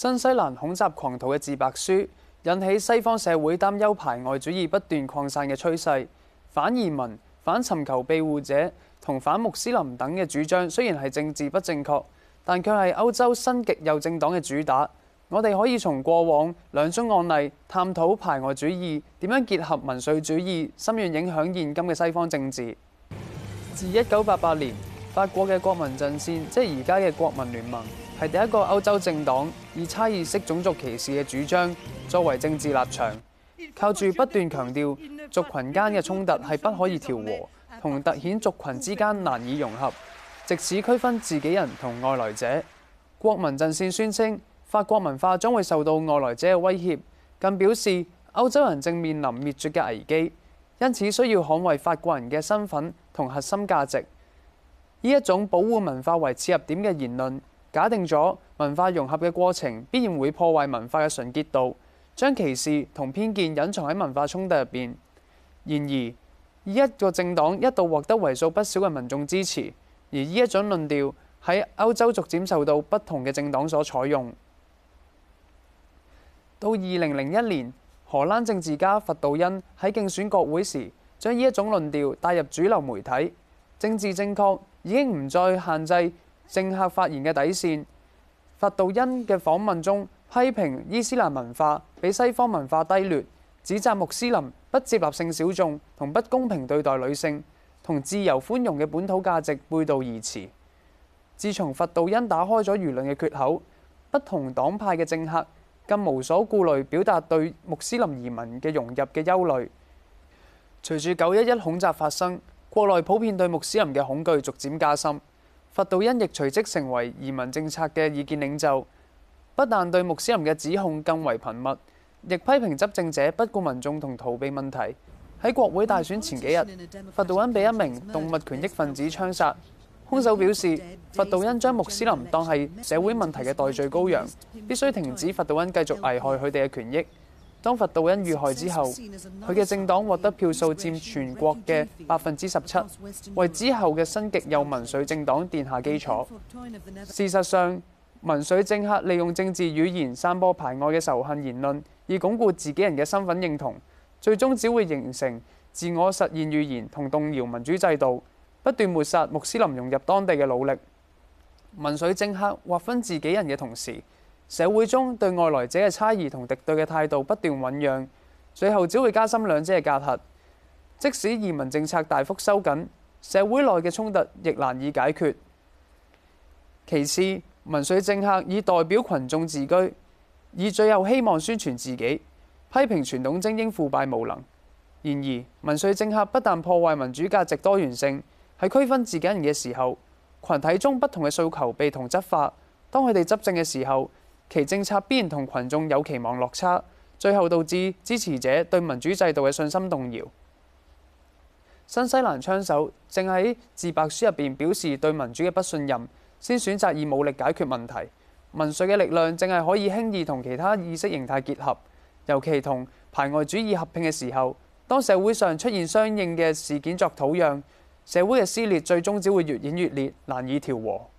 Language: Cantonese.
新西蘭恐襲狂徒嘅自白書引起西方社會擔憂排外主義不斷擴散嘅趨勢，反移民、反尋求庇護者同反穆斯林等嘅主張雖然係政治不正確，但卻係歐洲新極右政黨嘅主打。我哋可以從過往兩宗案例探討排外主義點樣結合民粹主義，深遠影響現今嘅西方政治。自一九八八年，法國嘅國民陣線即係而家嘅國民聯盟，係第一個歐洲政黨以差異式種族歧視嘅主張作為政治立場，靠住不斷強調族群間嘅衝突係不可以調和，同凸顯族群之間難以融合，藉此區分自己人同外來者。國民陣線宣稱法國文化將會受到外來者嘅威脅，更表示歐洲人正面臨滅絕嘅危機，因此需要捍衛法國人嘅身份同核心價值。呢一種保護文化為切入點嘅言論，假定咗文化融合嘅過程必然會破壞文化嘅純潔度，將歧視同偏見隱藏喺文化衝突入邊。然而，呢一個政黨一度獲得為數不少嘅民眾支持，而呢一種論調喺歐洲逐漸受到不同嘅政黨所採用。到二零零一年，荷蘭政治家佛道恩喺競選國會時，將呢一種論調帶入主流媒體，政治正確已經唔再限制政客發言嘅底線，佛杜恩嘅訪問中批評伊斯蘭文化比西方文化低劣，指責穆斯林不接納性小眾同不公平對待女性，同自由寬容嘅本土價值背道而馳。自從佛杜恩打開咗輿論嘅缺口，不同黨派嘅政客更無所顧慮，表達對穆斯林移民嘅融入嘅憂慮。隨住九一一恐襲發生，國內普遍對穆斯林嘅恐懼逐漸加深。佛道恩亦隨即成為移民政策嘅意見領袖，不但對穆斯林嘅指控更為頻密，亦批評執政者不顧民眾同逃避問題。喺國會大選前幾日，佛道恩被一名動物權益分子槍殺，兇手表示佛道恩將穆斯林當係社會問題嘅代罪羔羊，必須停止佛道恩繼續危害佢哋嘅權益。當佛道恩遇害之後，佢嘅政黨獲得票數佔全國嘅百分之十七，為之後嘅新極右民粹政黨奠下基礎。事實上，民粹政客利用政治語言散播排外嘅仇恨言論，以鞏固自己人嘅身份認同，最終只會形成自我實現預言同動搖民主制度，不斷抹殺穆斯林融入當地嘅努力。民粹政客劃分自己人嘅同時，社會中對外來者嘅猜疑同敵對嘅態度不斷醖釀，最後只會加深兩者嘅隔閡。即使移民政策大幅收緊，社會內嘅衝突亦難以解決。其次，民粹政客以代表群眾自居，以最後希望宣傳自己，批評傳統精英腐敗無能。然而，民粹政客不但破壞民主價值多元性，喺區分自己人嘅時候，群體中不同嘅訴求被同質化。當佢哋執政嘅時候，其政策必然同群眾有期望落差，最後導致支持者對民主制度嘅信心動搖。新西蘭槍手正喺自白書入邊表示對民主嘅不信任，先選擇以武力解決問題。民粹嘅力量正係可以輕易同其他意識形態結合，尤其同排外主義合併嘅時候。當社會上出現相應嘅事件作土壤，社會嘅撕裂最終只會越演越烈，難以調和。